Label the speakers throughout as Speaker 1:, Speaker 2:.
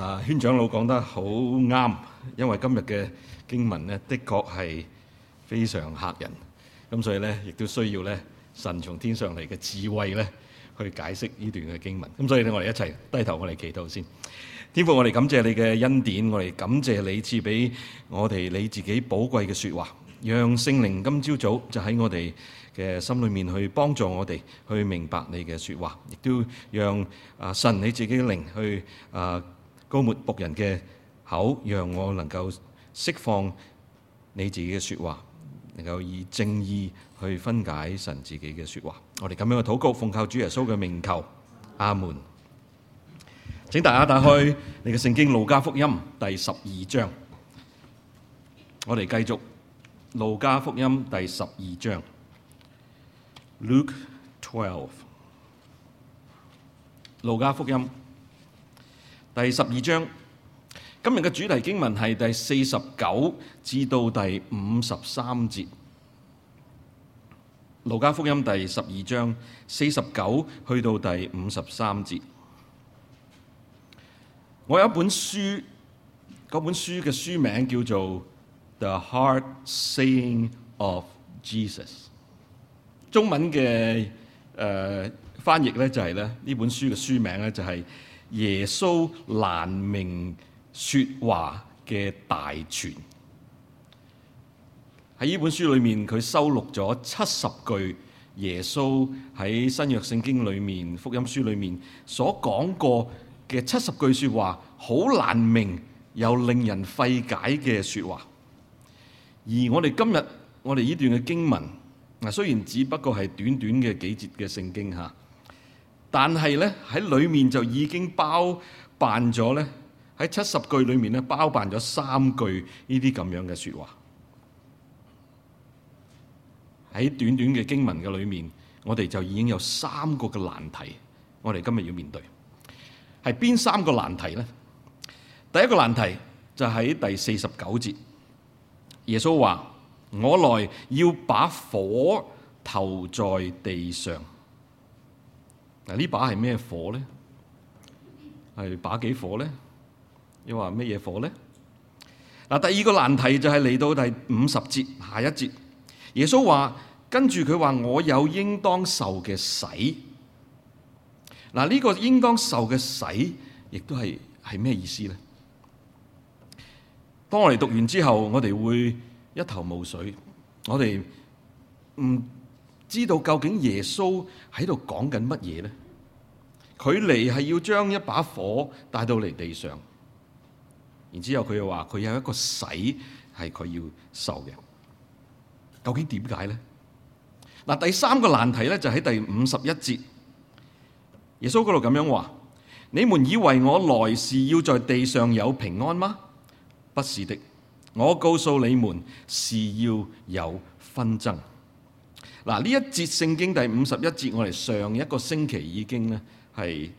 Speaker 1: 啊！陳長老講得好啱，因為今日嘅經文呢，的確係非常嚇人。咁所以呢，亦都需要呢神從天上嚟嘅智慧呢，去解釋呢段嘅經文。咁所以呢，我哋一齊低頭，我哋祈禱先。天父，我哋感謝你嘅恩典，我哋感謝你賜俾我哋你自己寶貴嘅説話，讓聖靈今朝早就喺我哋嘅心裡面去幫助我哋去明白你嘅説話，亦都讓啊神你自己嘅靈去啊～高抹僕人嘅口，讓我能夠釋放你自己嘅說話，能夠以正義去分解神自己嘅說話。我哋咁樣嘅禱告，奉靠主耶穌嘅名求，阿門。請大家打開你嘅聖經《路加福音》第十二章，我哋繼續《路加福音》第十二章。Luke Twelve，路加福音。第十二章，今日嘅主題經文係第四十九至到第五十三節，《路加福音》第十二章四十九去到第五十三節。我有一本書，嗰本書嘅書名叫做《The Heart Saying of Jesus》。中文嘅誒、呃、翻譯咧就係、是、咧呢本書嘅書名咧就係、是。耶穌難明說話嘅大全。喺呢本書裏面，佢收錄咗七十句耶穌喺新約聖經裏面、福音書裏面所講過嘅七十句說話，好難明又令人費解嘅說話。而我哋今日我哋呢段嘅經文，嗱，雖然只不過係短短嘅幾節嘅聖經吓。但係咧，喺裏面就已經包辦咗咧，喺七十句裏面咧，包辦咗三句呢啲咁樣嘅說話。喺短短嘅經文嘅裏面，我哋就已經有三個嘅難題，我哋今日要面對係邊三個難題咧？第一個難題就喺第四十九節，耶穌話：我來要把火投在地上。嗱，呢把係咩火咧？係把幾火咧？又話咩嘢火咧？嗱，第二個難題就係嚟到第五十節下一節，耶穌話跟住佢話，我有應當受嘅洗。嗱、這、呢個應當受嘅洗，亦都係係咩意思咧？當我哋讀完之後，我哋會一頭霧水，我哋唔。嗯知道究竟耶穌喺度講緊乜嘢呢？佢嚟係要將一把火帶到嚟地上，然之後佢又話佢有一個洗係佢要受嘅。究竟點解呢？嗱，第三個難題咧就喺第五十一節，耶穌嗰度咁樣話：你們以為我來是要在地上有平安嗎？不是的，我告訴你們是要有紛爭。嗱，呢一節聖經第五十一節，我哋上一個星期已經咧係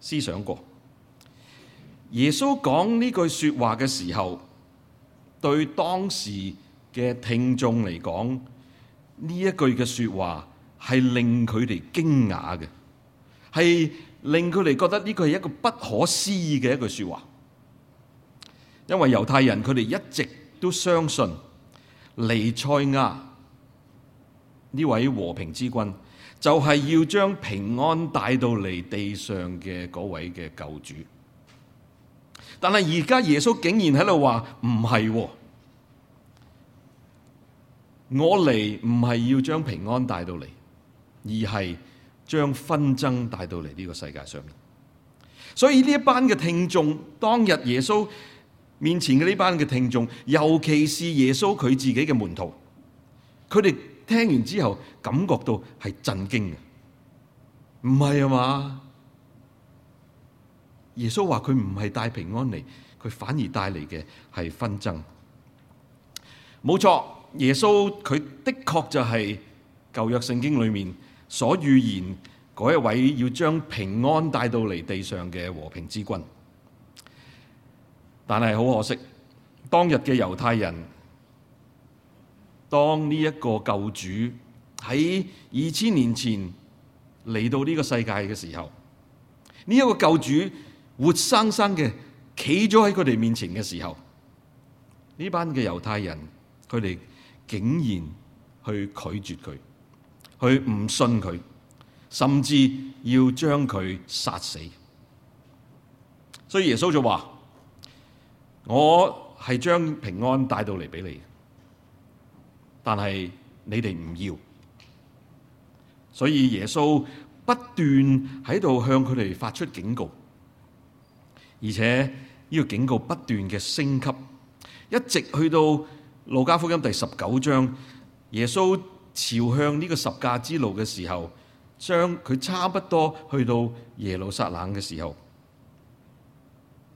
Speaker 1: 思想過。耶穌講呢句説話嘅時候，對當時嘅聽眾嚟講，呢一句嘅説話係令佢哋驚訝嘅，係令佢哋覺得呢句係一個不可思議嘅一句説話。因為猶太人佢哋一直都相信彌賽亞。呢位和平之君，就係要將平安帶到嚟地上嘅嗰位嘅救主。但係而家耶穌竟然喺度話唔係喎，我嚟唔係要將平安帶到嚟，而係將紛爭帶到嚟呢個世界上面。所以呢一班嘅聽眾，當日耶穌面前嘅呢班嘅聽眾，尤其是耶穌佢自己嘅門徒，佢哋。聽完之後，感覺到係震驚嘅，唔係啊嘛？耶穌話佢唔係帶平安嚟，佢反而帶嚟嘅係紛爭。冇錯，耶穌佢的確就係舊約聖經裏面所預言嗰一位要將平安帶到嚟地上嘅和平之君。但係好可惜，當日嘅猶太人。當呢一個救主喺二千年前嚟到呢個世界嘅時候，呢、這、一個救主活生生嘅企咗喺佢哋面前嘅時候，呢班嘅猶太人佢哋竟然去拒絕佢，去唔信佢，甚至要將佢殺死。所以耶穌就話：我係將平安帶到嚟俾你。但係你哋唔要，所以耶穌不斷喺度向佢哋發出警告，而且呢個警告不斷嘅升級，一直去到路加福音第十九章，耶穌朝向呢個十架之路嘅時候，將佢差不多去到耶路撒冷嘅時候，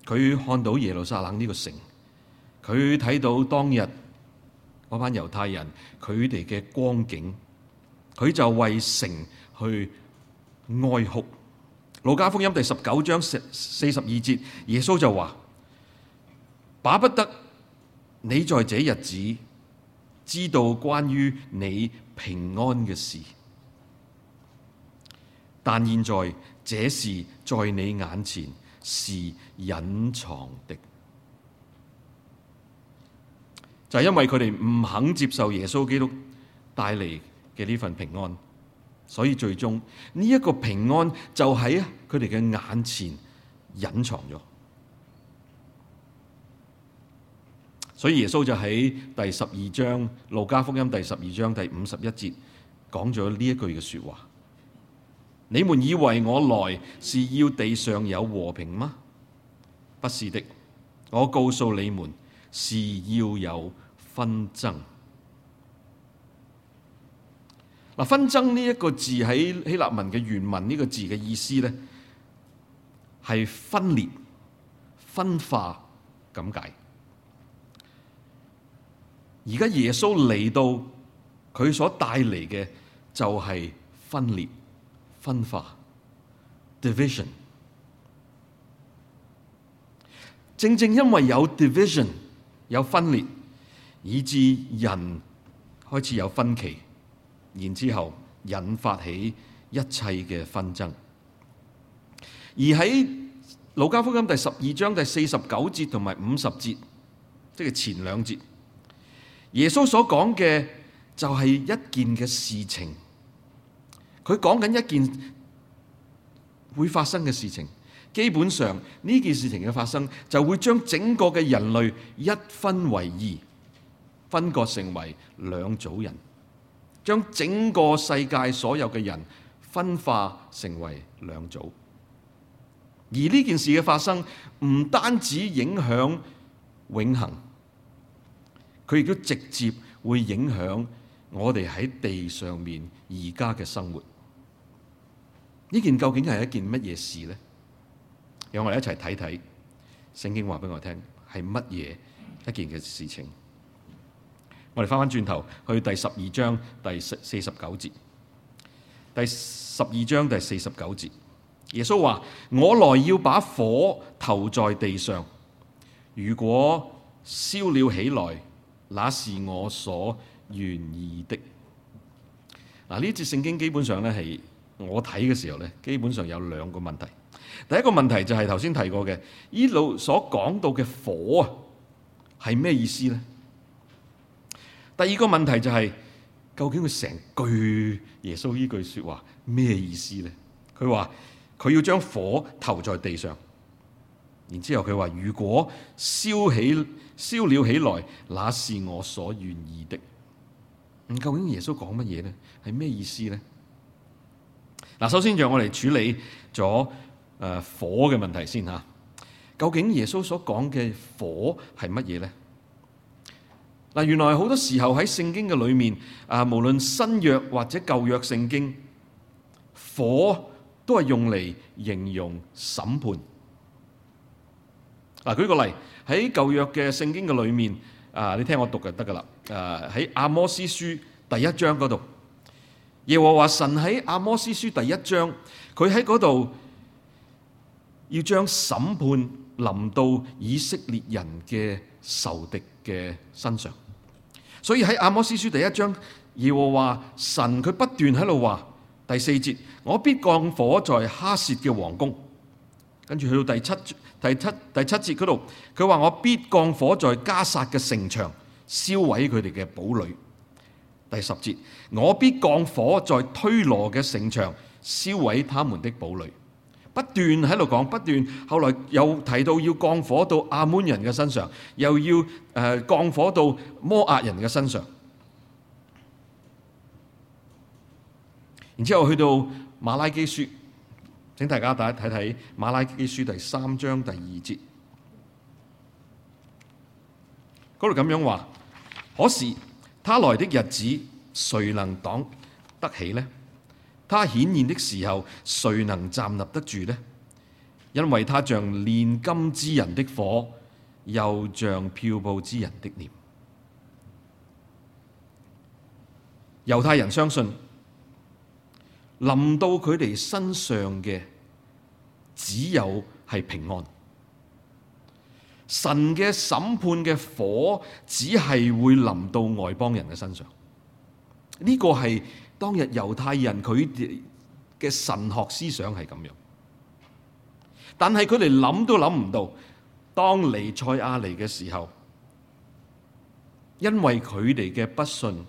Speaker 1: 佢看到耶路撒冷呢個城，佢睇到當日。嗰班猶太人，佢哋嘅光景，佢就為城去哀哭。《路加福音》第十九章四十二節，耶穌就話：巴不得你在這日子知道關於你平安嘅事，但現在這事在你眼前是隱藏的。就是因為佢哋唔肯接受耶穌基督帶嚟嘅呢份平安，所以最終呢一個平安就喺佢哋嘅眼前隱藏咗。所以耶穌就喺第十二章路加福音第十二章第五十一節講咗呢一句嘅說話：你們以為我來是要地上有和平嗎？不是的，我告訴你們。是要有紛爭。嗱，紛爭呢一個字喺希臘文嘅原文呢個字嘅意思咧，係分裂、分化咁解。而家耶穌嚟到，佢所帶嚟嘅就係分裂、分化 （division）。正正因為有 division。有分裂，以致人開始有分歧，然之後引發起一切嘅紛爭。而喺《路加福音》第十二章第四十九節同埋五十節，即係前兩節，耶穌所講嘅就係一件嘅事情。佢講緊一件會發生嘅事情。基本上呢件事情嘅發生，就會將整個嘅人類一分為二，分割成為兩組人，將整個世界所有嘅人分化成為兩組。而呢件事嘅發生，唔單止影響永恆，佢亦都直接會影響我哋喺地上面而家嘅生活。呢件究竟係一件乜嘢事咧？讓我哋一齊睇睇聖經話俾我聽係乜嘢一件嘅事情。我哋翻回轉頭去第十二章第四,四十九節。第十二章第四十九節，耶穌話我來要把火投在地上，如果燒了起來，那是我所願意的。這呢節聖經基本上是我睇嘅時候基本上有兩個問題。第一個問題就係頭先提過嘅，呢度所講到嘅火啊，係咩意思咧？第二個問題就係、是，究竟佢成句耶穌呢句說話咩意思咧？佢話佢要將火投在地上，然之後佢話如果燒起燒了起來，那是我所願意的。咁究竟耶穌講乜嘢咧？係咩意思咧？嗱，首先讓我哋處理咗。誒，火嘅問題先吓，究竟耶穌所講嘅火係乜嘢咧？嗱，原來好多時候喺聖經嘅裏面，啊，無論新約或者舊約聖經，火都係用嚟形容審判。嗱、啊，舉個例喺舊約嘅聖經嘅裏面，啊，你聽我讀就得噶啦。誒、啊，喺阿摩斯書第一章嗰度，耶和華神喺阿摩斯書第一章，佢喺嗰度，要將審判臨到以色列人嘅仇敵嘅身上，所以喺阿摩司書第一章，耶和華神佢不斷喺度話，第四節我必降火在哈薛嘅王宮，跟住去到第七、第七、第七節嗰度，佢話我必降火在加撒嘅城牆，燒毀佢哋嘅堡壘。第十節我必降火在推羅嘅城牆，燒毀他們的堡壘。不斷喺度講，不斷後來又提到要降火到亞捫人嘅身上，又要誒、呃、降火到摩押人嘅身上，然之後去到馬拉基書，請大家大家睇睇馬拉基書第三章第二節，嗰度咁樣話，可是他來的日子，誰能擋得起呢？他顯現的時候，誰能站立得住呢？因為他像煉金之人的火，又像漂布之人的念。猶太人相信，臨到佢哋身上嘅，只有係平安。神嘅審判嘅火，只係會臨到外邦人嘅身上。呢、這個係。當日猶太人佢哋嘅神學思想係咁樣，但係佢哋諗都諗唔到，當彌賽亞嚟嘅時候，因為佢哋嘅不信，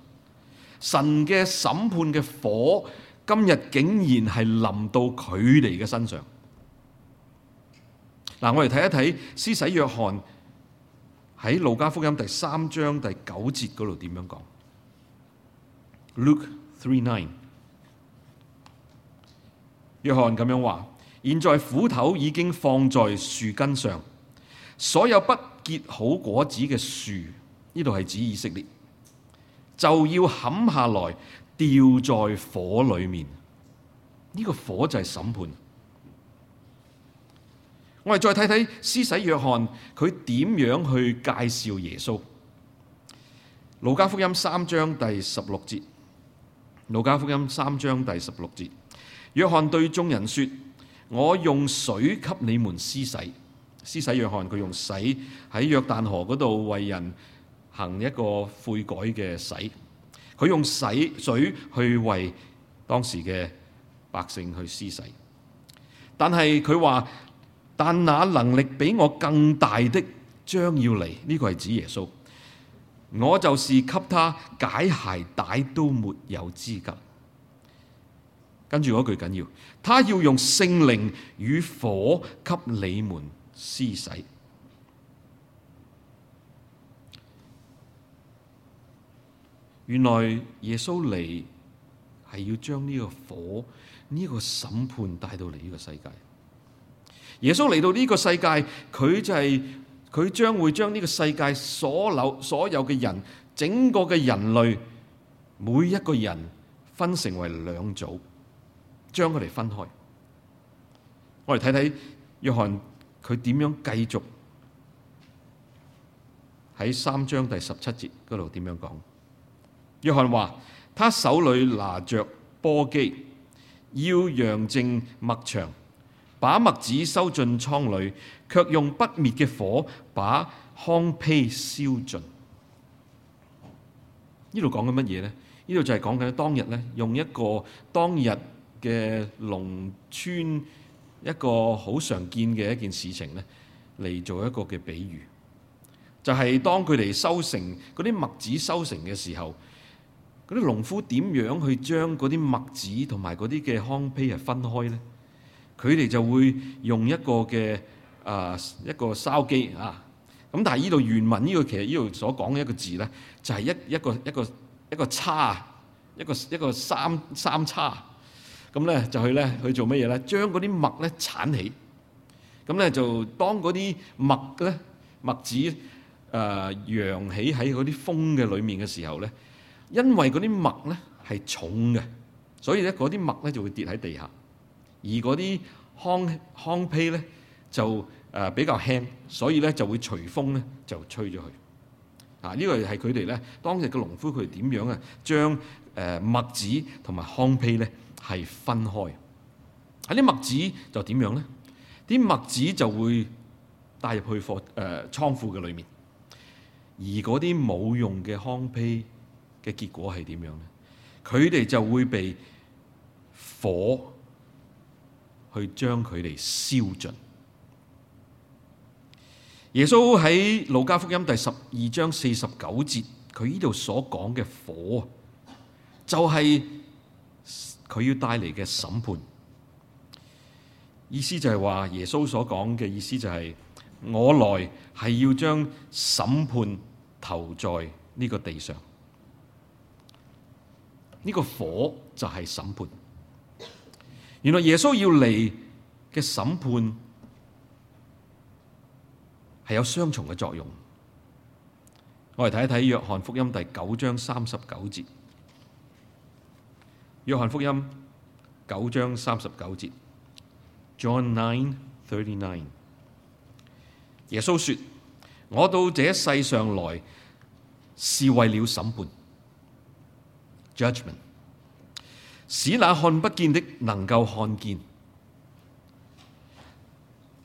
Speaker 1: 神嘅審判嘅火，今日竟然係臨到佢哋嘅身上。嗱，我哋睇一睇施洗約翰喺路加福音第三章第九節嗰度點樣講。Luke。three nine。約翰咁樣話：現在斧頭已經放在樹根上，所有不結好果子嘅樹，呢度係指以色列，就要砍下來掉在火裏面。呢、這個火就係審判。我哋再睇睇施洗約翰佢點樣去介紹耶穌，《路加福音》三章第十六節。路加福音三章第十六節，約翰對眾人說：我用水給你們施洗。施洗約翰佢用洗喺約旦河嗰度為人行一個悔改嘅洗，佢用洗水去為當時嘅百姓去施洗。但係佢話：但那能力比我更大的將要嚟，呢、這個係指耶穌。我就是給他解鞋帶都沒有資格。跟住嗰句緊要，他要用聖靈與火給你們施洗。原來耶穌嚟係要將呢個火、呢、這個審判帶到嚟呢個世界。耶穌嚟到呢個世界，佢就係、是。佢將會將呢個世界所有所有嘅人，整個嘅人類，每一個人分成為兩組，將佢哋分開。我哋睇睇約翰佢點樣繼續喺三章第十七節嗰度點樣講。約翰話：他手裏拿着簸箕，要揚淨麥場。把麥子收進倉裏，卻用不滅嘅火把糠秕燒盡。呢度講緊乜嘢呢？呢度就係講緊當日呢，用一個當日嘅農村一個好常見嘅一件事情呢，嚟做一個嘅比喻，就係、是、當佢哋收成嗰啲麥子收成嘅時候，嗰啲農夫點樣去將嗰啲麥子同埋嗰啲嘅糠秕係分開呢？佢哋就會用一個嘅啊、呃、一個筲箕啊，咁但係呢度原文呢個其實呢度所講嘅一個字咧，就係、是、一一個一個一個，一個叉一個一個三三叉，咁、嗯、咧就去咧去做乜嘢咧？將嗰啲麥咧剷起，咁、嗯、咧就當嗰啲麥咧麥子誒揚、呃、起喺嗰啲風嘅裡面嘅時候咧，因為嗰啲麥咧係重嘅，所以咧嗰啲麥咧就會跌喺地下。而嗰啲糠糠秕咧就誒、呃、比較輕，所以咧就會隨風咧就吹咗去。啊，這個、是呢個係佢哋咧當日嘅農夫佢哋點樣啊？將誒麥子同埋糠秕咧係分開。喺啲麥子就點樣咧？啲麥子就會帶入去貨誒倉庫嘅裏面。而嗰啲冇用嘅糠秕嘅結果係點樣咧？佢哋就會被火。去將佢哋燒盡。耶穌喺《路加福音》第十二章四十九節，佢呢度所講嘅火，就係、是、佢要帶嚟嘅審判。意思就係話，耶穌所講嘅意思就係、是，我來係要將審判投在呢個地上。呢、這個火就係審判。原來耶穌要嚟嘅審判係有雙重嘅作用，我嚟睇一睇約翰福音第九章三十九節。約翰福音九章三十九節，John nine thirty nine。耶穌說：我到這世上來是為了審判，judgment 使那看不見的能夠看見，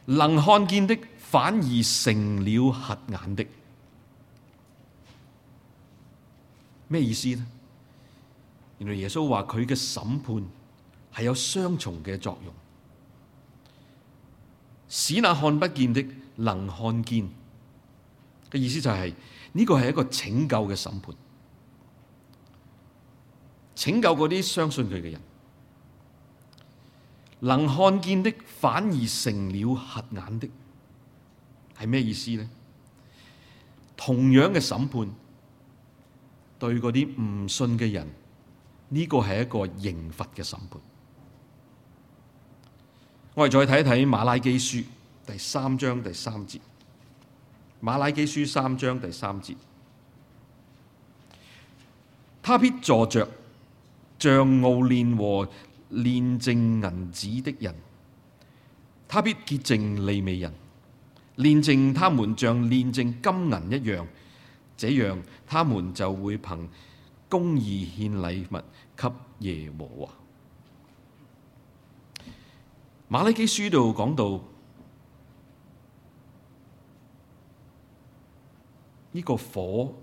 Speaker 1: 能看見的反而成了瞎眼的。咩意思呢？原來耶穌話佢嘅審判係有雙重嘅作用，使那看不見的能看見嘅意思就係呢個係一個拯救嘅審判。拯救嗰啲相信佢嘅人，能看見的反而成了瞎眼的，係咩意思呢？同樣嘅審判對嗰啲唔信嘅人，呢、這個係一個刑罰嘅審判。我哋再睇一睇《馬拉基書》第三章第三節，《馬拉基書》三章第三節，他必坐着。像熬煉和煉淨銀子的人，他必潔淨利未人煉淨。練他們像煉淨金銀一樣，這樣他們就會憑公義獻禮物給耶和華。馬拉基書度講到呢、這個火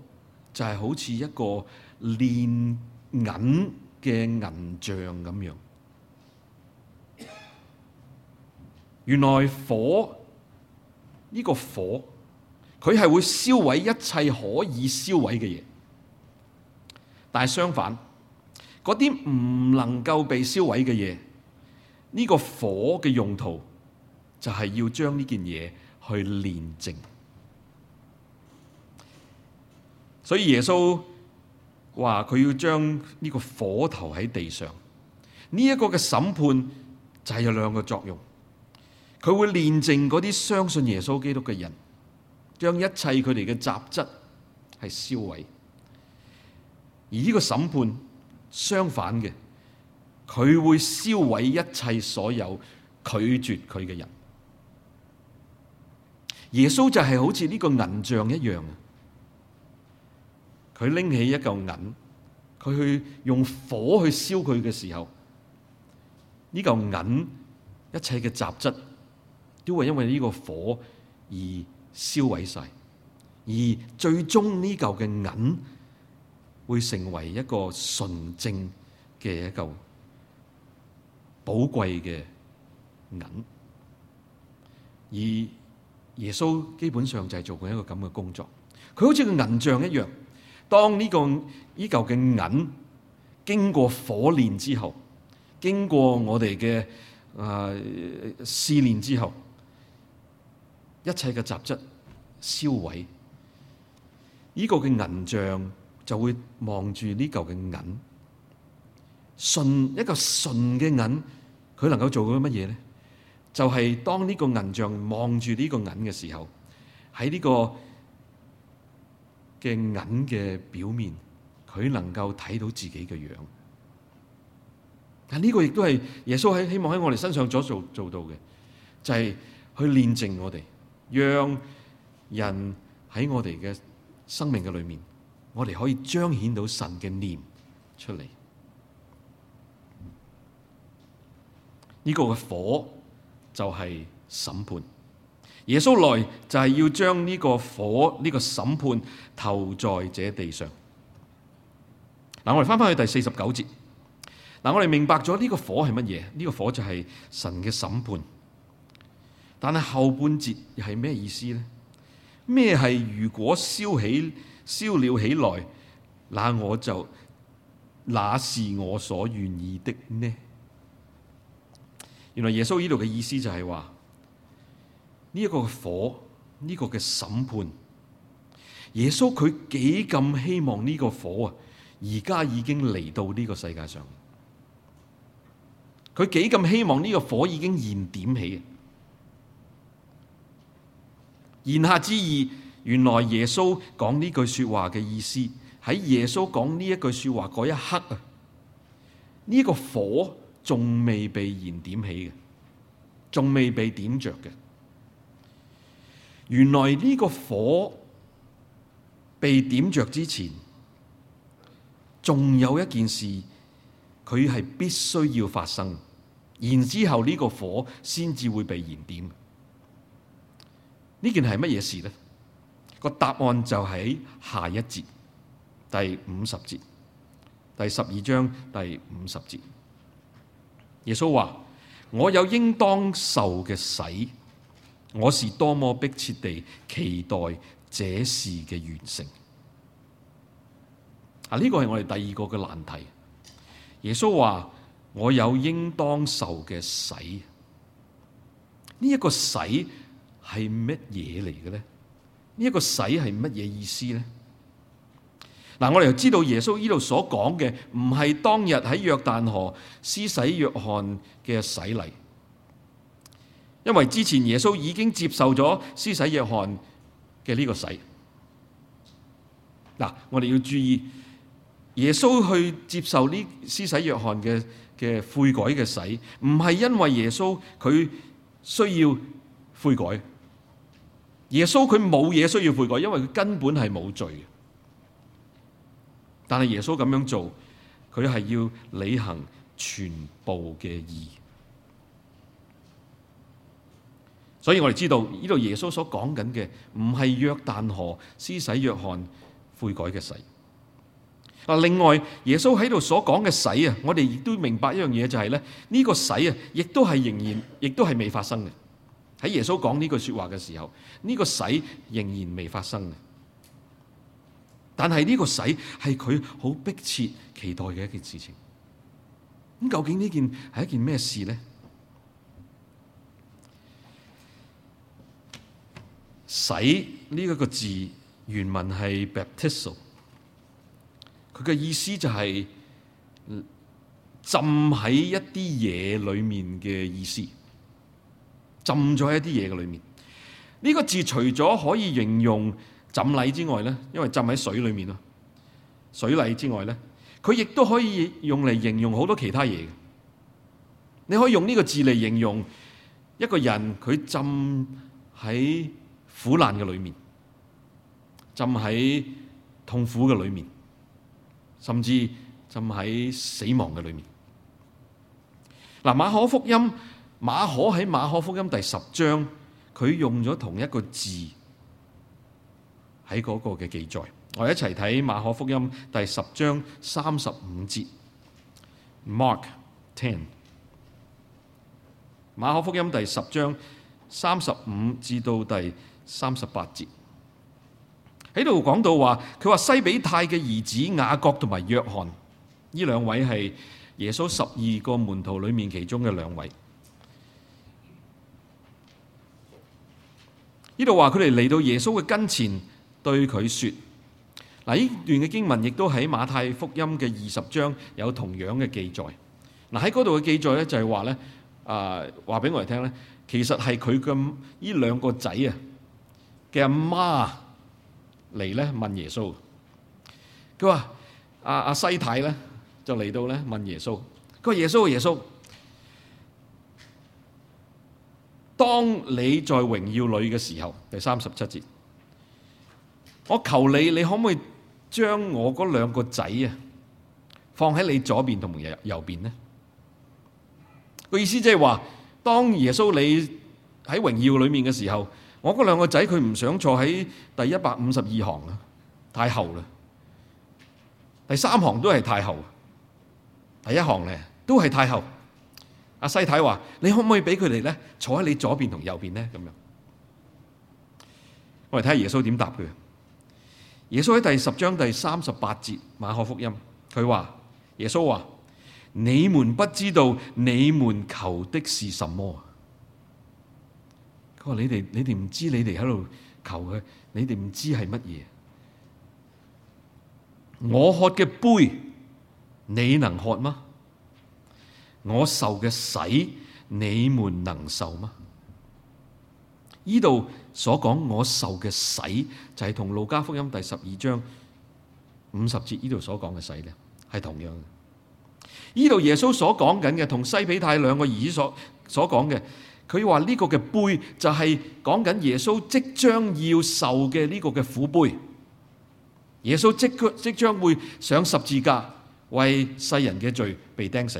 Speaker 1: 就係好似一個煉銀。嘅銀像咁樣，原來火呢、這個火，佢係會燒毀一切可以燒毀嘅嘢，但係相反，嗰啲唔能夠被燒毀嘅嘢，呢、這個火嘅用途就係要將呢件嘢去煉淨，所以耶穌。話佢要將呢個火投喺地上，呢、這、一個嘅審判就係有兩個作用，佢會煉淨嗰啲相信耶穌基督嘅人，將一切佢哋嘅雜質係銷毀。而呢個審判相反嘅，佢會銷毀一切所有拒絕佢嘅人。耶穌就係好似呢個銀像一樣。佢拎起一嚿銀，佢去用火去燒佢嘅時候，呢嚿銀一切嘅雜質都會因為呢個火而燒毀晒。而最終呢嚿嘅銀會成為一個純正嘅一嚿寶貴嘅銀。而耶穌基本上就係做緊一個咁嘅工作，佢好似個銀像一樣。當呢、這個呢嚿嘅銀經過火煉之後，經過我哋嘅啊試煉之後，一切嘅雜質消毀，呢、這個嘅銀像就會望住呢嚿嘅銀，純一個純嘅銀，佢能夠做到乜嘢咧？就係、是、當呢個銀像望住呢個銀嘅時候，喺呢、這個。嘅銀嘅表面，佢能夠睇到自己嘅樣。但呢個亦都係耶穌喺希望喺我哋身上所做做到嘅，就係去煉淨我哋，讓人喺我哋嘅生命嘅裏面，我哋可以彰顯到神嘅念出嚟。呢個嘅火就係審判。耶穌來就係要將呢個火，呢個審判投在這地上。嗱，我哋翻翻去第四十九節。嗱，我哋明白咗呢個火係乜嘢？呢個火就係神嘅審判。但係後半節係咩意思呢？咩係如果燒起燒了起來，那我就那是我所願意的呢？原來耶穌呢度嘅意思就係話。呢一個火，呢個嘅審判，耶穌佢幾咁希望呢個火啊？而家已經嚟到呢個世界上，佢幾咁希望呢個火已經燃點起嘅？言下之意，原來耶穌講呢句說話嘅意思，喺耶穌講呢一句說話嗰一刻啊，呢個火仲未被燃點起嘅，仲未被點着嘅。原來呢個火被點着之前，仲有一件事，佢係必須要發生，然之後呢個火先至會被燃點。呢件係乜嘢事呢？個答案就喺下一節第五十節第十二章第五十節。耶穌話：我有應當受嘅洗。我是多麼迫切地期待這事嘅完成。啊，呢、這個係我哋第二個嘅難題。耶穌話：我有應當受嘅洗。呢、這、一個洗係乜嘢嚟嘅咧？呢、這、一個洗係乜嘢意思咧？嗱、啊，我哋又知道耶穌呢度所講嘅唔係當日喺約旦河施洗約翰嘅洗禮。因為之前耶穌已經接受咗施洗約翰嘅呢個洗，嗱，我哋要注意耶穌去接受呢施洗約翰嘅嘅悔改嘅洗，唔係因為耶穌佢需要悔改，耶穌佢冇嘢需要悔改，因為佢根本係冇罪嘅，但係耶穌咁樣做，佢係要履行全部嘅義。所以我哋知道呢度耶穌所講緊嘅唔係約旦河施洗約翰悔改嘅洗。嗱，另外耶穌喺度所講嘅洗啊，我哋亦都明白一樣嘢就係咧，呢個洗啊，亦都係仍然，亦都係未發生嘅。喺耶穌講呢句說話嘅時候，呢個洗仍然未發生嘅。但係呢個洗係佢好迫切期待嘅一件事情。咁究竟呢件係一件咩事咧？洗呢一個字原文係 baptism，佢嘅意思就係浸喺一啲嘢裏面嘅意思，浸咗喺一啲嘢嘅裏面。呢個字除咗可以形容浸禮之外咧，因為浸喺水裏面咯，水禮之外咧，佢亦都可以用嚟形容好多其他嘢。你可以用呢個字嚟形容一個人佢浸喺。苦難嘅裏面，浸喺痛苦嘅裏面，甚至浸喺死亡嘅裏面。嗱，馬可福音，馬可喺馬可福音第十章，佢用咗同一個字喺嗰個嘅記載。我一齊睇馬可福音第十章三十五節。Mark Ten，馬可福音第十章。三十五至到第三十八節，喺度講到話，佢話西比泰嘅兒子雅各同埋約翰，呢兩位係耶穌十二個門徒裏面其中嘅兩位。呢度話佢哋嚟到耶穌嘅跟前，對佢說。嗱，呢段嘅經文亦都喺馬太福音嘅二十章有同樣嘅記載。嗱，喺嗰度嘅記載咧就係話咧，啊，話俾我哋聽咧。.其實係佢嘅呢兩個仔啊嘅阿媽嚟咧問耶穌，佢話阿阿西太咧就嚟到咧問耶穌，佢話耶穌耶穌，當你在榮耀裏嘅時候，第三十七節，我求你，你可唔可以將我嗰兩個仔啊放喺你左邊同右右邊呢？」個意思即係話。當耶穌你喺榮耀裏面嘅時候，我嗰兩個仔佢唔想坐喺第一百五十二行啊，太後啦。第三行都係太后，第一行呢都係太后。阿西太話：「你可唔可以俾佢哋呢坐喺你左邊同右邊呢？」咁樣，我嚟睇下耶穌點答佢。耶穌喺第十章第三十八節馬可福音，佢話：耶穌話。你們不知道你們求的是什麼？佢話：你哋，你哋唔知你哋喺度求嘅，你哋唔知係乜嘢。我喝嘅杯，你能喝嗎？我受嘅洗，你們能受嗎？呢度所講我受嘅洗，就係同路加福音第十二章五十節呢度所講嘅洗咧，係同樣嘅。呢度耶穌所講緊嘅，同西比太兩個兒所所講嘅，佢話呢個嘅杯就係講緊耶穌即將要受嘅呢個嘅苦杯。耶穌即即將會上十字架，為世人嘅罪被釘死。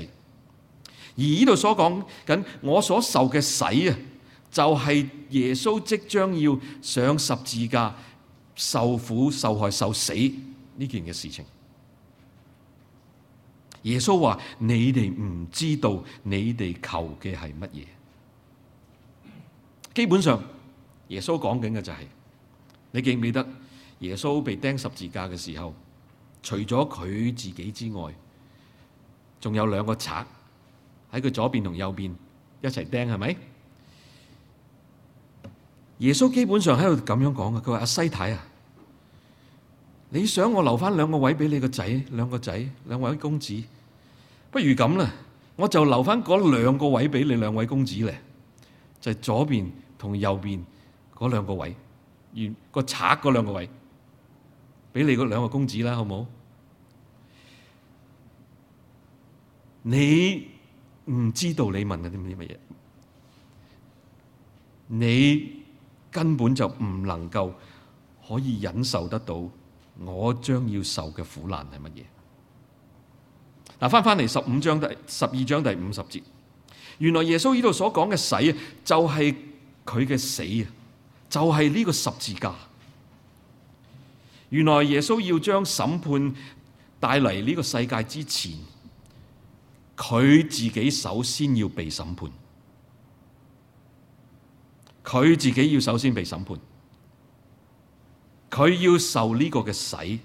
Speaker 1: 而呢度所講緊我所受嘅洗，啊，就係耶穌即將要上十字架受苦、受害、受死呢件嘅事情。耶穌話：你哋唔知道你哋求嘅係乜嘢。基本上，耶穌講緊嘅就係，你記唔記得耶穌被釘十字架嘅時候，除咗佢自己之外，仲有兩個賊喺佢左邊同右邊一齊釘，係咪？耶穌基本上喺度咁樣講嘅，佢話，阿西太啊，你想我留翻兩個位俾你個仔，兩個仔，兩位公子？不如咁啦，我就留翻嗰兩個位俾你兩位公子咧，就係左邊同右邊嗰兩個位，原個賊嗰兩個位，俾你嗰兩個公子啦，好唔好？你唔知道你問緊啲乜嘢，你根本就唔能夠可以忍受得到我將要受嘅苦難係乜嘢？嗱，翻翻嚟十五章第十二章第五十節，原來耶穌呢度所講嘅洗就係佢嘅死啊，就係呢個十字架。原來耶穌要將審判帶嚟呢個世界之前，佢自己首先要被審判，佢自己要首先被審判，佢要受呢個嘅洗。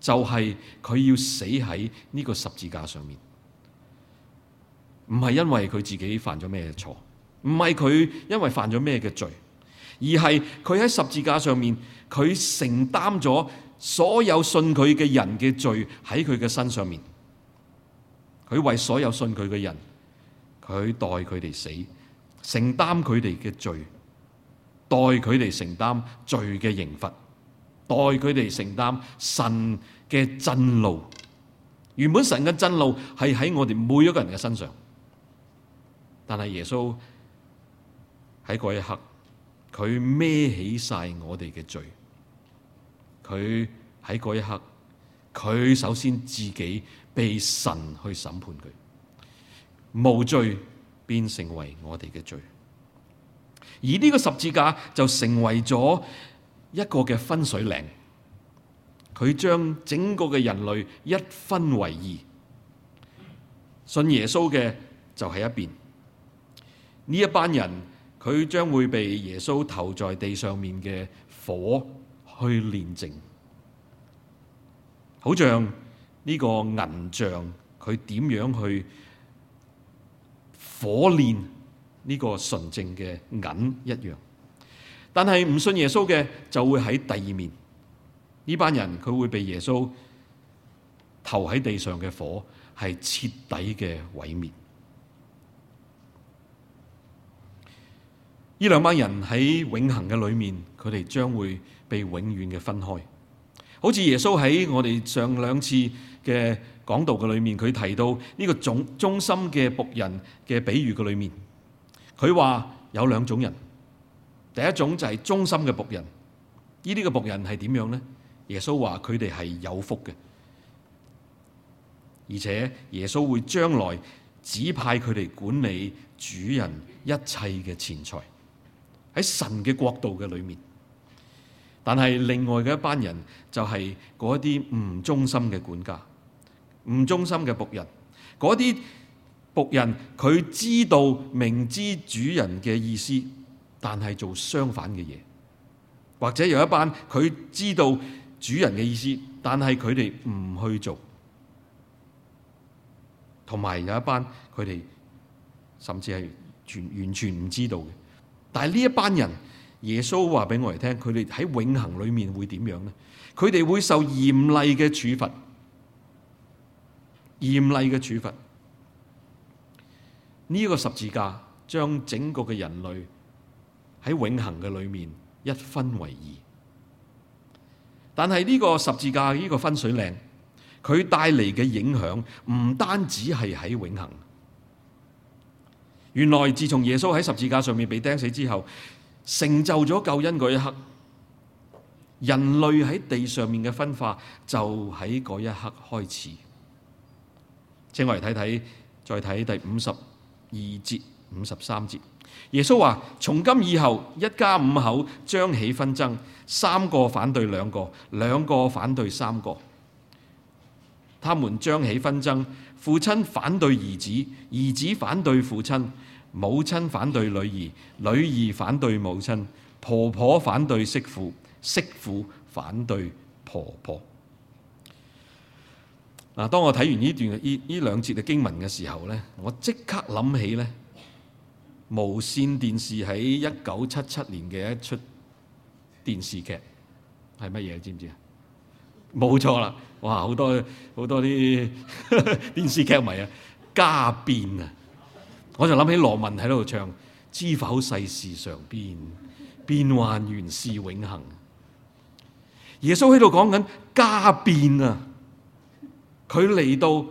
Speaker 1: 就係佢要死喺呢個十字架上面，唔係因為佢自己犯咗咩錯，唔係佢因為犯咗咩嘅罪，而係佢喺十字架上面，佢承擔咗所有信佢嘅人嘅罪喺佢嘅身上面。佢為所有信佢嘅人，佢代佢哋死，承擔佢哋嘅罪，代佢哋承擔罪嘅刑罰。代佢哋承擔神嘅震怒。原本神嘅震怒係喺我哋每一個人嘅身上，但係耶穌喺嗰一刻，佢孭起晒我哋嘅罪。佢喺嗰一刻，佢首先自己被神去審判，佢無罪變成為我哋嘅罪。而呢個十字架就成為咗一個嘅分水嶺，佢將整個嘅人類一分為二，信耶穌嘅就喺一邊，呢一班人佢將會被耶穌投在地上面嘅火去煉淨，好像呢個銀匠佢點樣去火煉呢個純淨嘅銀一樣。但係唔信耶穌嘅就會喺第二面，呢班人佢會被耶穌投喺地上嘅火係徹底嘅毀滅。呢兩班人喺永恒嘅裏面，佢哋將會被永遠嘅分開。好似耶穌喺我哋上兩次嘅講道嘅裏面，佢提到呢個忠心嘅僕人嘅比喻嘅裏面，佢話有兩種人。第一種就係忠心嘅僕人，呢啲嘅僕人係點樣呢？耶穌話佢哋係有福嘅，而且耶穌會將來指派佢哋管理主人一切嘅錢財，喺神嘅國度嘅裏面。但係另外嘅一班人就係嗰啲唔忠心嘅管家、唔忠心嘅僕人，嗰啲僕人佢知道明知主人嘅意思。但係做相反嘅嘢，或者有一班佢知道主人嘅意思，但係佢哋唔去做，同埋有一班佢哋甚至係完完全唔知道嘅。但係呢一班人，耶穌話俾我哋聽，佢哋喺永恆裏面會點樣呢？佢哋會受嚴厲嘅處罰，嚴厲嘅處罰。呢個十字架將整個嘅人類。喺永恆嘅裏面一分為二，但係呢個十字架，呢個分水嶺，佢帶嚟嘅影響唔單止係喺永恆。原來自從耶穌喺十字架上面被釘死之後，成就咗救恩嗰一刻，人類喺地上面嘅分化就喺嗰一刻開始。請我嚟睇睇，再睇第五十二節、五十三節。耶穌話：從今以後，一家五口將起紛爭，三個反對兩個，兩個反對三個。他們將起紛爭，父親反對兒子，兒子反對父親，母親反對女兒，女兒反對母親，婆婆反對媳婦，媳婦反對婆婆。啊！當我睇完呢段呢呢兩節嘅經文嘅時候咧，我即刻諗起咧。無線電視喺一九七七年嘅一出電視劇係乜嘢？知唔知啊？冇錯啦！哇，好多好多啲 電視劇迷啊！家變啊！我就諗起羅文喺度唱：知否世事常變，變幻原是永恒。耶穌喺度講緊家變啊！佢嚟到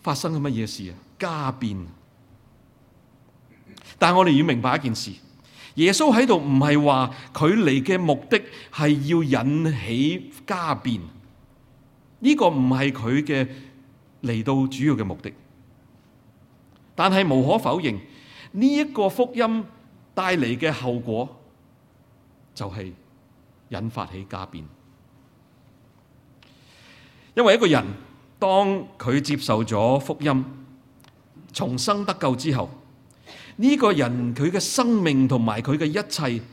Speaker 1: 發生咗乜嘢事啊？家變。但我哋要明白一件事，耶穌喺度唔係話佢嚟嘅目的係要引起家變，呢個唔係佢嘅嚟到主要嘅目的。但係無可否認，呢一個福音帶嚟嘅後果就係引發起家變，因為一個人當佢接受咗福音，重生得救之後，呢個人佢嘅生命同埋佢嘅一切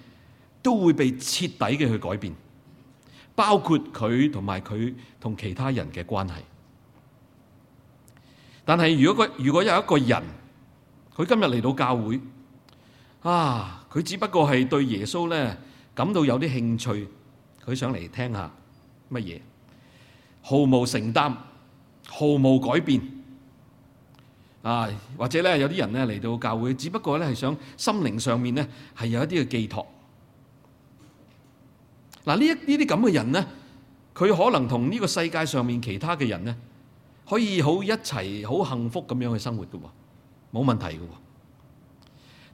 Speaker 1: 都會被徹底嘅去改變，包括佢同埋佢同其他人嘅關係。但係如果佢如果有一個人，佢今日嚟到教會，啊，佢只不過係對耶穌咧感到有啲興趣，佢想嚟聽下乜嘢，毫無承擔，毫無改變。啊，或者咧，有啲人咧嚟到教會，只不過咧係想心靈上面咧係有一啲嘅寄託。嗱，呢一呢啲咁嘅人咧，佢可能同呢個世界上面其他嘅人咧，可以好一齊好幸福咁樣去生活嘅，冇問題嘅。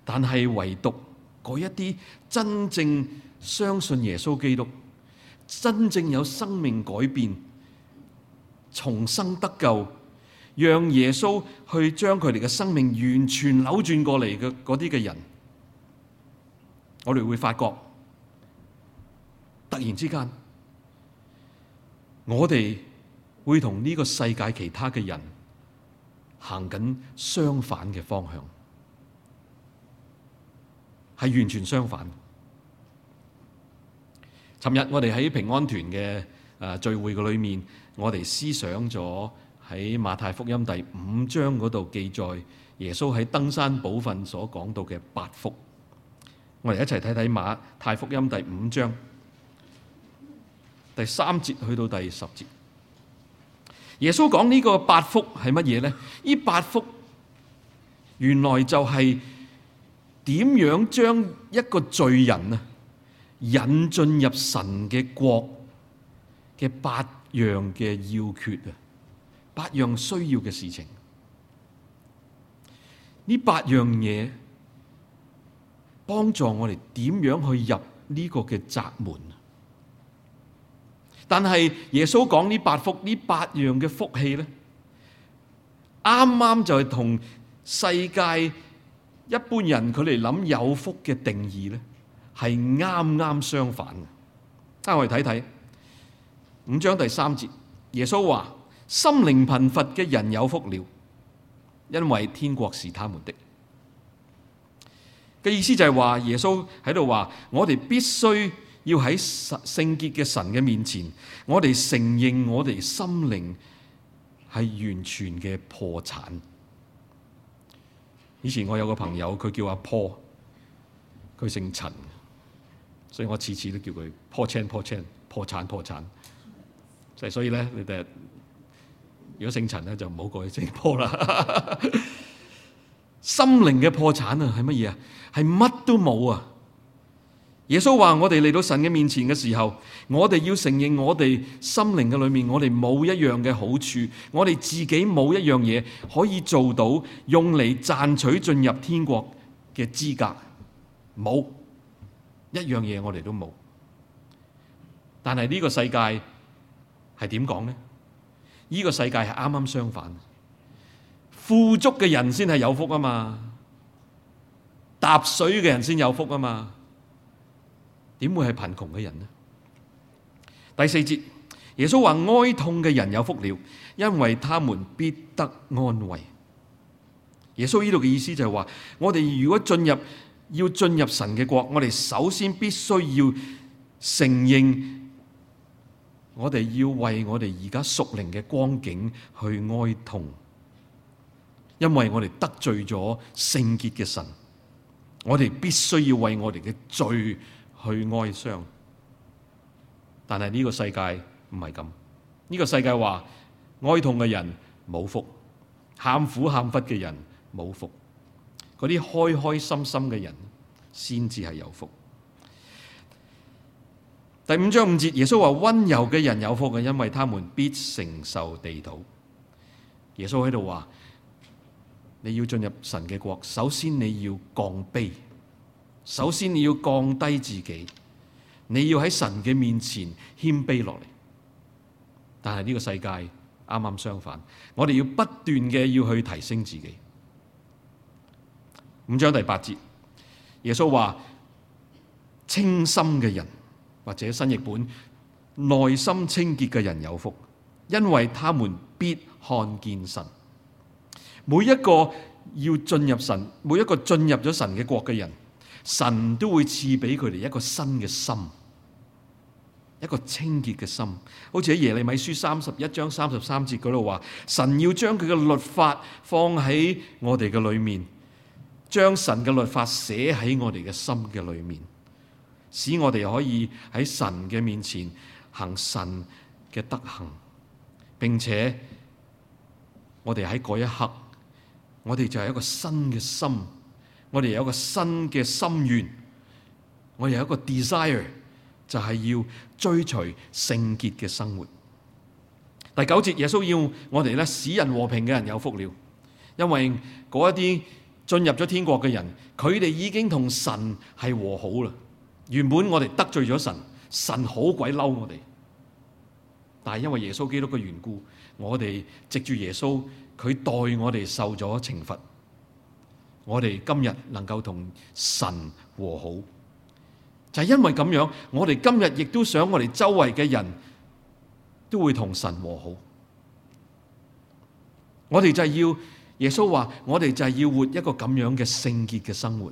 Speaker 1: 但係唯獨嗰一啲真正相信耶穌基督，真正有生命改變，重生得救。讓耶穌去將佢哋嘅生命完全扭轉過嚟嘅，嗰啲嘅人，我哋會發覺，突然之間，我哋會同呢個世界其他嘅人行緊相反嘅方向，係完全相反。尋日我哋喺平安團嘅誒聚會嘅裏面，我哋思想咗。喺馬太福音第五章嗰度記載耶穌喺登山寶訓所講到嘅八福，我哋一齊睇睇馬太福音第五章第三節去到第十節，耶穌講呢個八福係乜嘢呢？呢八福原來就係點樣將一個罪人啊引進入神嘅國嘅八樣嘅要訣啊！八樣需要嘅事情，呢八樣嘢幫助我哋點樣去入呢個嘅窄門。但係耶穌講呢八福、呢八樣嘅福氣咧，啱啱就係同世界一般人佢哋諗有福嘅定義咧，係啱啱相反嘅。我哋睇睇五章第三節，耶穌話。心靈貧乏嘅人有福了，因為天國是他們的。嘅意思就係話耶穌喺度話：我哋必須要喺聖潔嘅神嘅面前，我哋承認我哋心靈係完全嘅破產。以前我有個朋友，佢叫阿坡，佢姓陳，所以我次次都叫佢破車破車、破產破產。即係所以咧，你哋。如果姓陳咧，就唔好過去整波啦。心靈嘅破產啊，係乜嘢啊？係乜都冇啊！耶穌話：我哋嚟到神嘅面前嘅時候，我哋要承認我哋心靈嘅裏面，我哋冇一樣嘅好處，我哋自己冇一樣嘢可以做到用嚟賺取進入天國嘅資格，冇一樣嘢我哋都冇。但係呢個世界係點講呢？呢個世界係啱啱相反，富足嘅人先係有福啊嘛，踏水嘅人先有福啊嘛，點會係貧窮嘅人呢？第四節，耶穌話哀痛嘅人有福了，因為他們必得安慰。耶穌呢度嘅意思就係話，我哋如果進入要進入神嘅國，我哋首先必須要承認。我哋要為我哋而家屬靈嘅光景去哀痛，因為我哋得罪咗聖潔嘅神，我哋必須要為我哋嘅罪去哀傷。但係呢個世界唔係咁，呢個世界話哀痛嘅人冇福，喊苦喊忽嘅人冇福，嗰啲開開心心嘅人先至係有福。第五章五節，耶穌話，溫柔嘅人有福，因為他們必承受地土。耶穌喺度話：你要進入神嘅國，首先你要降卑，首先你要降低自己，你要喺神嘅面前謙卑落嚟。但係呢個世界啱啱相反，我哋要不斷嘅要去提升自己。五章第八節，耶穌話：清心嘅人。或者新譯本，內心清潔嘅人有福，因為他們必看見神。每一個要進入神，每一個進入咗神嘅國嘅人，神都會賜俾佢哋一個新嘅心，一個清潔嘅心。好似喺耶利米書三十一章三十三節嗰度話，神要將佢嘅律法放喺我哋嘅裏面，將神嘅律法寫喺我哋嘅心嘅裏面。使我哋可以喺神嘅面前行神嘅德行，並且我哋喺嗰一刻，我哋就係一個新嘅心，我哋有一個新嘅心願，我哋有一個 desire 就係要追隨聖潔嘅生活。第九節，耶穌要我哋咧，使人和平嘅人有福了，因為嗰一啲進入咗天國嘅人，佢哋已經同神係和好啦。原本我哋得罪咗神，神好鬼嬲我哋。但係因為耶穌基督嘅緣故，我哋藉住耶穌，佢代我哋受咗懲罰，我哋今日能夠同神和好，就係因為咁樣，我哋今日亦都想我哋周圍嘅人都會同神和好。我哋就係要，耶穌話，我哋就係要活一個咁樣嘅聖潔嘅生活。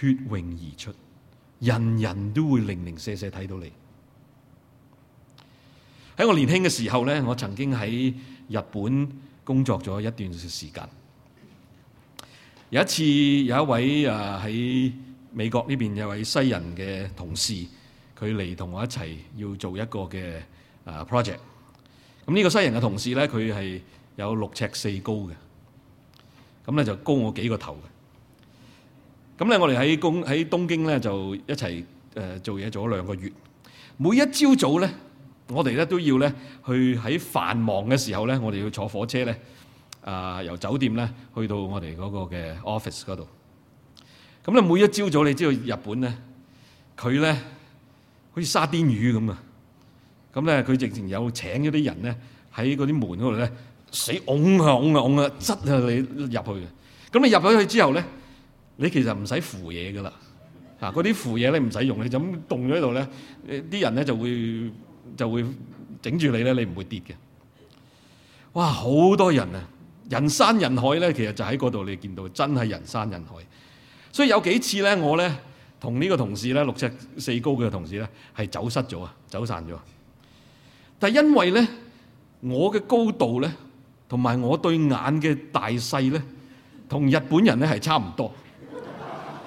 Speaker 1: 脫穎而出，人人都會零零舍舍睇到你。喺我年輕嘅時候呢，我曾經喺日本工作咗一段時間。有一次，有一位啊喺美國呢邊有位西人嘅同事，佢嚟同我一齊要做一個嘅啊 project。咁、這、呢個西人嘅同事呢，佢係有六尺四高嘅，咁咧就高我幾個頭嘅。咁咧，我哋喺公喺東京咧就一齊誒、呃、做嘢做咗兩個月。每一朝早咧，我哋咧都要咧去喺繁忙嘅時候咧，我哋要坐火車咧，啊、呃、由酒店咧去到我哋嗰個嘅 office 嗰度。咁咧，每一朝早你知道日本咧，佢咧好似沙甸魚咁啊！咁咧、啊，佢直情有請咗啲人咧喺嗰啲門嗰度咧，死拱啊拱啊拱啊擠啊你入去嘅。咁你入咗去之後咧？你其實唔使扶嘢㗎喇，嗱，嗰啲扶嘢你唔使用，你就咁凍咗喺度咧，誒啲人咧就會就會整住你咧，你唔會跌嘅。哇！好多人啊，人山人海咧，其實就喺嗰度你見到，真係人山人海。所以有幾次咧，我咧同呢個同事咧六尺四高嘅同事咧係走失咗啊，走散咗。但係因為咧我嘅高度咧同埋我對眼嘅大細咧同日本人咧係差唔多。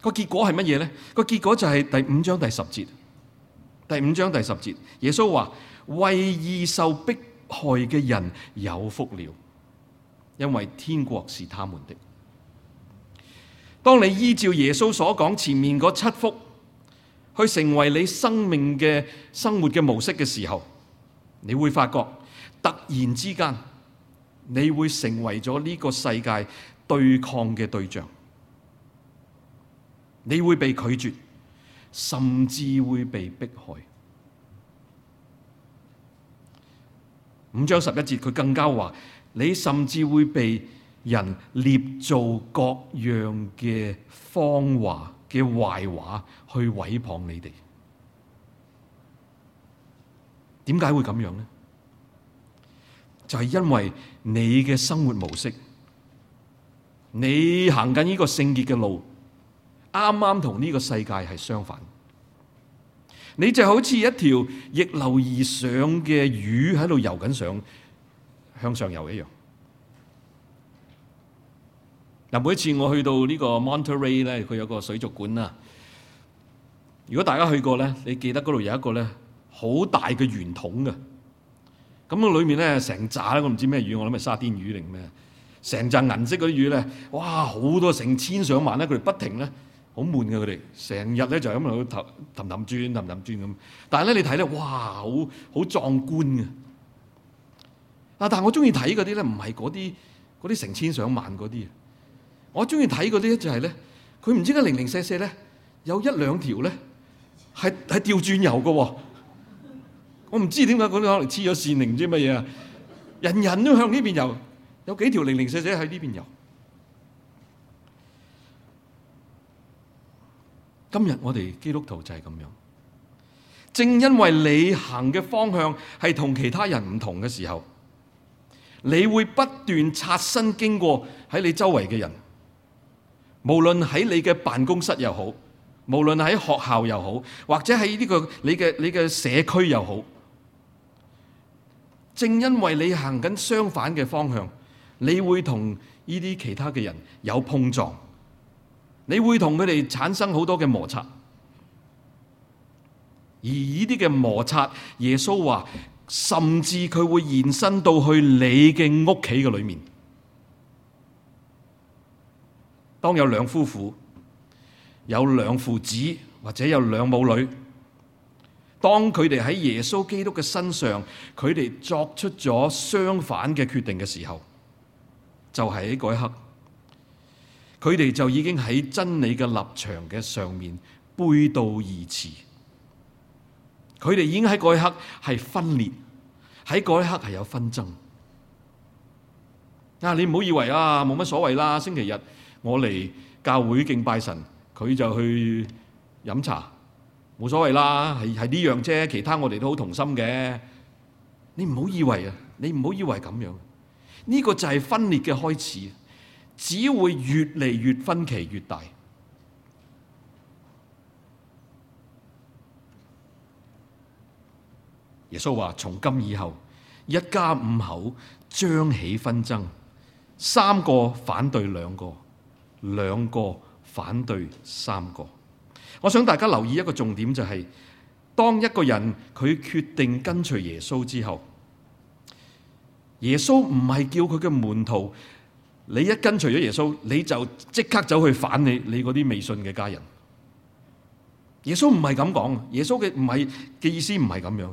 Speaker 1: 個結果係乜嘢呢？個結果就係第五章第十節，第五章第十節，耶穌話：為義受迫害嘅人有福了，因為天國是他們的。當你依照耶穌所講前面嗰七福，去成為你生命嘅生活嘅模式嘅時候，你會發覺突然之間，你會成為咗呢個世界對抗嘅對象。你會被拒絕，甚至會被迫害。五章十一節佢更加話，你甚至會被人捏造各樣嘅謊話嘅壞話去毀謗你哋。點解會咁樣呢？就係、是、因為你嘅生活模式，你行緊呢個聖潔嘅路。啱啱同呢個世界係相反，你就好似一條逆流而上嘅魚喺度游緊上，向上遊一樣。嗱，每一次我去到呢個 Monterey 咧，佢有個水族館啊。如果大家去過咧，你記得嗰度有一個咧好大嘅圓筒嘅，咁啊裏面咧成紮咧我唔知咩魚，我諗係沙甸魚定咩，成紮銀色嗰啲魚咧，哇好多成千上萬咧，佢哋不停咧。好悶嘅佢哋，成日咧就喺度氹氹轉、氹氹轉咁。但係咧，你睇咧，哇，好好壯觀嘅。啊，但係我中意睇嗰啲咧，唔係嗰啲嗰啲成千上萬嗰啲。我中意睇嗰啲就係咧，佢唔知點解零零四四咧，有一兩條咧，係係掉轉遊嘅。我唔知點解嗰啲可能黐咗線定唔知乜嘢，人人都向呢邊遊，有幾條零零四四喺呢邊遊。今日我哋基督徒就係咁樣，正因為你行嘅方向係同其他人唔同嘅時候，你會不斷擦身經過喺你周圍嘅人，無論喺你嘅辦公室又好，無論喺學校又好，或者喺呢個你嘅你嘅社區又好，正因為你行緊相反嘅方向，你會同呢啲其他嘅人有碰撞。你會同佢哋產生好多嘅摩擦，而呢啲嘅摩擦，耶穌話，甚至佢會延伸到去你嘅屋企嘅裏面。當有兩夫婦，有兩父子，或者有兩母女，當佢哋喺耶穌基督嘅身上，佢哋作出咗相反嘅決定嘅時候，就係喺嗰一刻。佢哋就已經喺真理嘅立場嘅上面背道而馳。佢哋已經喺嗰一刻係分裂，喺嗰一刻係有紛爭。啊，你唔好以為啊，冇乜所謂啦。星期日我嚟教會敬拜神，佢就去飲茶，冇所謂啦。係係呢樣啫，其他我哋都好同心嘅。你唔好以為啊，你唔好以為咁樣，呢個就係分裂嘅開始。只會越嚟越分歧越大。耶穌話：從今以後，一家五口將起紛爭，三個反對兩個，兩個反對三個。我想大家留意一個重點，就係當一個人佢決定跟隨耶穌之後，耶穌唔係叫佢嘅門徒。你一跟隨咗耶穌，你就即刻走去反你你嗰啲未信嘅家人。耶穌唔係咁講，耶穌嘅唔係嘅意思唔係咁樣。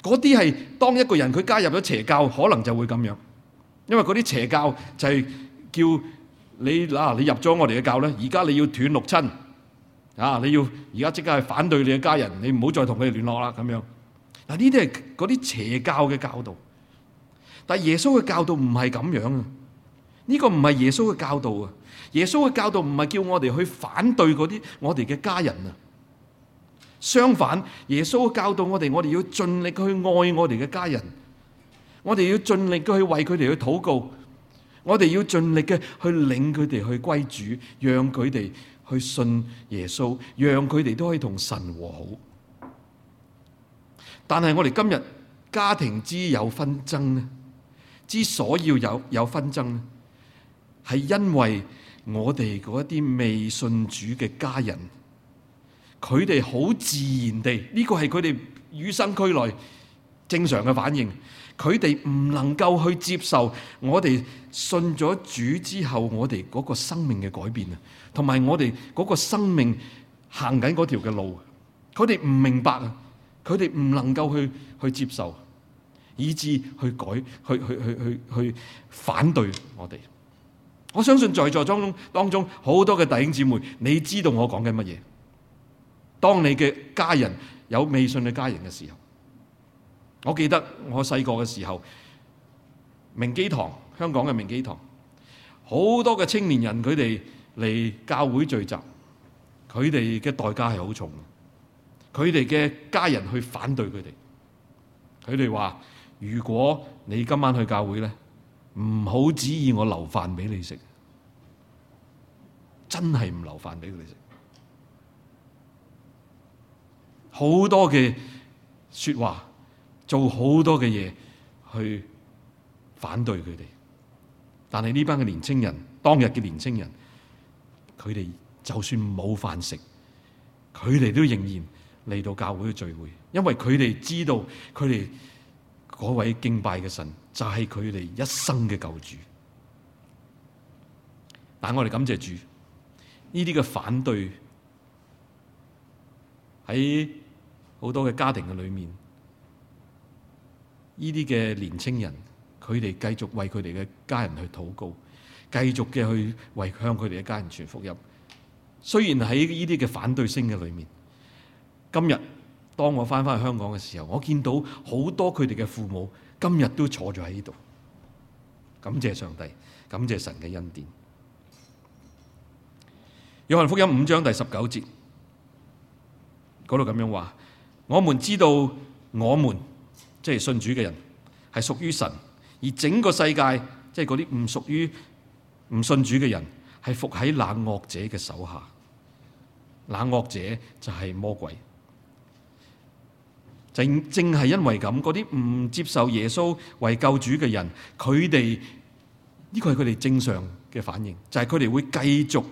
Speaker 1: 嗰啲係當一個人佢加入咗邪教，可能就會咁樣。因為嗰啲邪教就係叫你嗱，你入咗我哋嘅教咧，而家你要斷六親啊，你要而家即刻去反對你嘅家人，你唔好再同佢哋聯絡啦咁樣。嗱，呢啲係嗰啲邪教嘅教導，但係耶穌嘅教導唔係咁樣。呢個唔係耶穌嘅教導啊！耶穌嘅教導唔係叫我哋去反對嗰啲我哋嘅家人啊。相反，耶穌教導我哋，我哋要盡力去愛我哋嘅家人，我哋要盡力去為佢哋去禱告，我哋要盡力嘅去領佢哋去歸主，讓佢哋去信耶穌，讓佢哋都可以同神和好。但係我哋今日家庭之有紛爭咧，之所以要有有紛爭咧，係因為我哋嗰啲未信主嘅家人，佢哋好自然地呢個係佢哋與生俱來正常嘅反應。佢哋唔能夠去接受我哋信咗主之後，我哋嗰個生命嘅改變啊，同埋我哋嗰個生命行緊嗰條嘅路，佢哋唔明白啊，佢哋唔能夠去去接受，以致去改去去去去去反對我哋。我相信在座當中當中好多嘅弟兄姊妹，你知道我講緊乜嘢？當你嘅家人有未信嘅家人嘅時候，我記得我細個嘅時候，明基堂香港嘅明基堂，好多嘅青年人佢哋嚟教會聚集，佢哋嘅代價係好重，佢哋嘅家人去反對佢哋，佢哋話：如果你今晚去教會咧，唔好指意我留飯俾你食。真係唔留飯俾佢哋食，好多嘅說話，做好多嘅嘢去反對佢哋。但係呢班嘅年青人，當日嘅年青人，佢哋就算冇飯食，佢哋都仍然嚟到教會嘅聚會，因為佢哋知道佢哋嗰位敬拜嘅神就係佢哋一生嘅救主。但我哋感謝主。呢啲嘅反對喺好多嘅家庭嘅裏面，呢啲嘅年青人，佢哋繼續為佢哋嘅家人去禱告，繼續嘅去為向佢哋嘅家人傳福音。雖然喺呢啲嘅反對聲嘅裏面，今日當我翻返去香港嘅時候，我見到好多佢哋嘅父母今日都坐咗喺呢度，感謝上帝，感謝神嘅恩典。約翰福音五章第十九節嗰度咁樣話：我們知道我們即係、就是、信主嘅人係屬於神，而整個世界即係嗰啲唔屬於唔信主嘅人係伏喺冷惡者嘅手下。冷惡者就係魔鬼，正正係因為咁，嗰啲唔接受耶穌為救主嘅人，佢哋呢個係佢哋正常嘅反應，就係佢哋會繼續。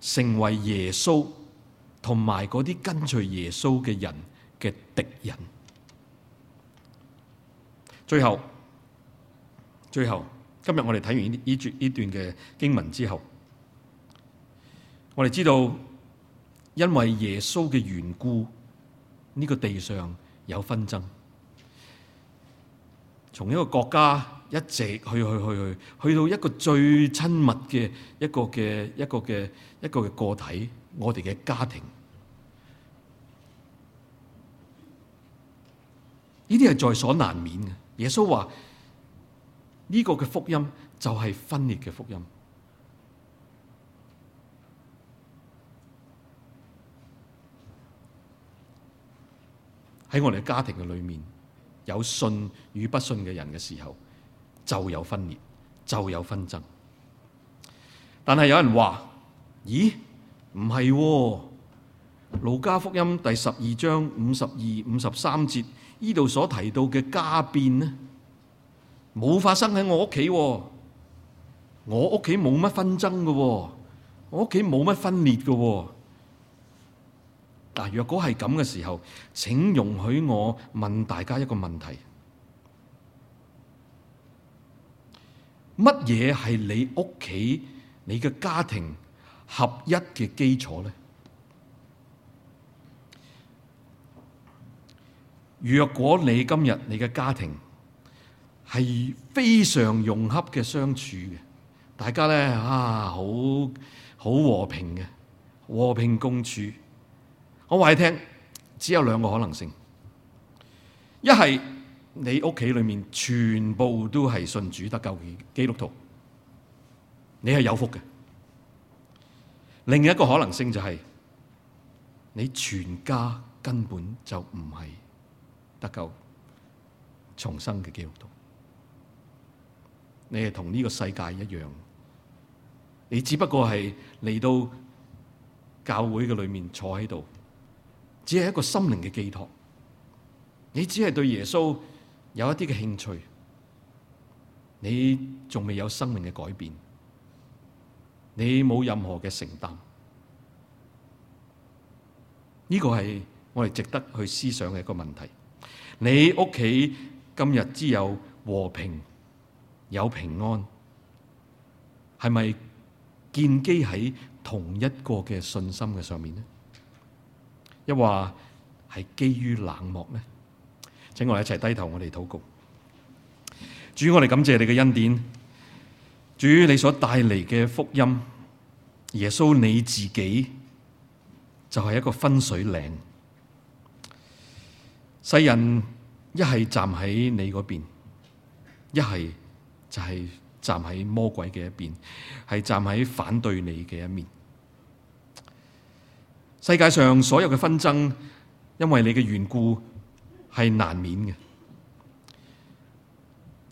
Speaker 1: 成為耶穌同埋嗰啲跟隨耶穌嘅人嘅敵人。最後，最後，今日我哋睇完呢呢段呢段嘅經文之後，我哋知道因為耶穌嘅緣故，呢個地上有紛爭，從一個國家，一直去去去去，去到一個最親密嘅一個嘅一個嘅一個嘅個，個體，我哋嘅家庭，呢啲係在所難免嘅。耶穌話：呢、呢個嘅福音就係分裂嘅福音。喺我哋家庭嘅裏面，有信與不信嘅人嘅時候。就有分裂，就有紛爭。但係有人話：咦，唔係喎？路加福音第十二章五十二、五十三節，呢度所提到嘅家變呢，冇發生喺我屋企喎。我屋企冇乜紛爭嘅喎，我屋企冇乜分裂嘅。嗱，若果係咁嘅時候，請容許我問大家一個問題。乜嘢係你屋企、你嘅家庭合一嘅基礎咧？若果你今日你嘅家庭係非常融洽嘅相處嘅，大家咧啊好好和平嘅和平共處，我話你聽，只有兩個可能性，一係，你屋企裏面全部都係信主得救嘅基督徒，你係有福嘅。另一個可能性就係，你全家根本就唔係得救、重生嘅基督徒，你係同呢個世界一樣，你只不過係嚟到教會嘅裏面坐喺度，只係一個心靈嘅寄託，你只係對耶穌。有一啲嘅興趣，你仲未有生命嘅改變，你冇任何嘅承擔，呢個係我哋值得去思想嘅一個問題。你屋企今日之有和平、有平安，係咪建基喺同一個嘅信心嘅上面呢？一話係基於冷漠呢？請我哋一齊低頭，我哋禱告。主，我哋感謝你嘅恩典。主，你所帶嚟嘅福音，耶穌你自己就係一個分水嶺。世人一係站喺你嗰邊，一係就係站喺魔鬼嘅一邊，係站喺反對你嘅一面。世界上所有嘅紛爭，因為你嘅緣故。係難免嘅，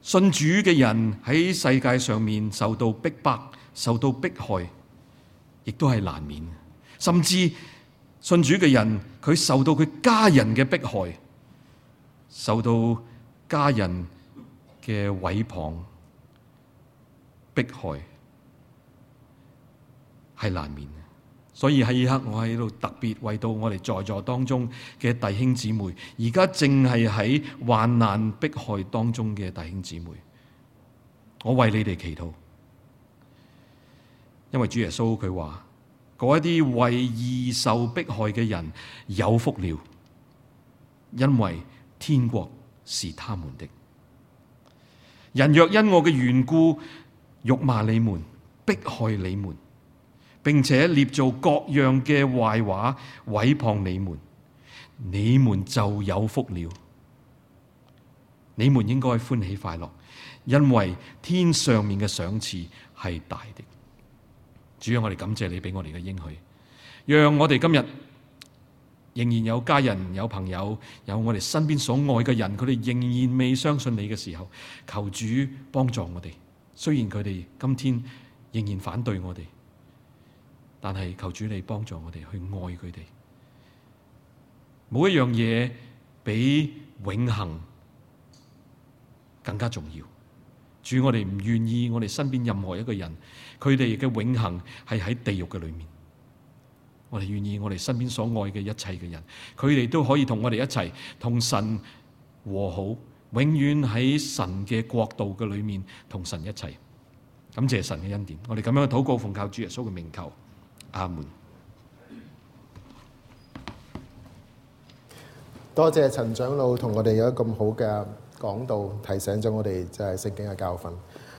Speaker 1: 信主嘅人喺世界上面受到逼迫，迫、受到迫害，亦都係難免。甚至信主嘅人佢受到佢家人嘅迫害，受到家人嘅毀謗、迫害，係難免嘅。所以喺呢一刻，我喺度特別為到我哋在座當中嘅弟兄姊妹，而家正係喺患難迫害當中嘅弟兄姊妹，我為你哋祈禱。因為主耶穌佢話：嗰一啲為義受迫害嘅人有福了，因為天國是他們的。人若因我嘅緣故辱罵你們、迫害你們，並且捏造各樣嘅壞話，毀謗你們，你們就有福了。你們應該歡喜快樂，因為天上面嘅賞賜是大的。主啊，我哋感謝你畀我哋嘅應許，讓我哋今日仍然有家人、有朋友、有我哋身邊所愛嘅人，佢哋仍然未相信你嘅時候，求主幫助我哋。雖然佢哋今天仍然反對我哋。但係求主，你幫助我哋去愛佢哋。冇一樣嘢比永恒更加重要。主，我哋唔願意我哋身邊任何一個人，佢哋嘅永恒係喺地獄嘅裏面。我哋願意我哋身邊所愛嘅一切嘅人，佢哋都可以同我哋一齊同神和好，永遠喺神嘅國度嘅裏面同神一齊。感謝神嘅恩典，我哋咁樣禱告，奉靠主耶穌嘅名求。阿門，Amen 多謝陳長老同我哋有一咁好嘅講道，提醒咗我哋即係聖經嘅教訓。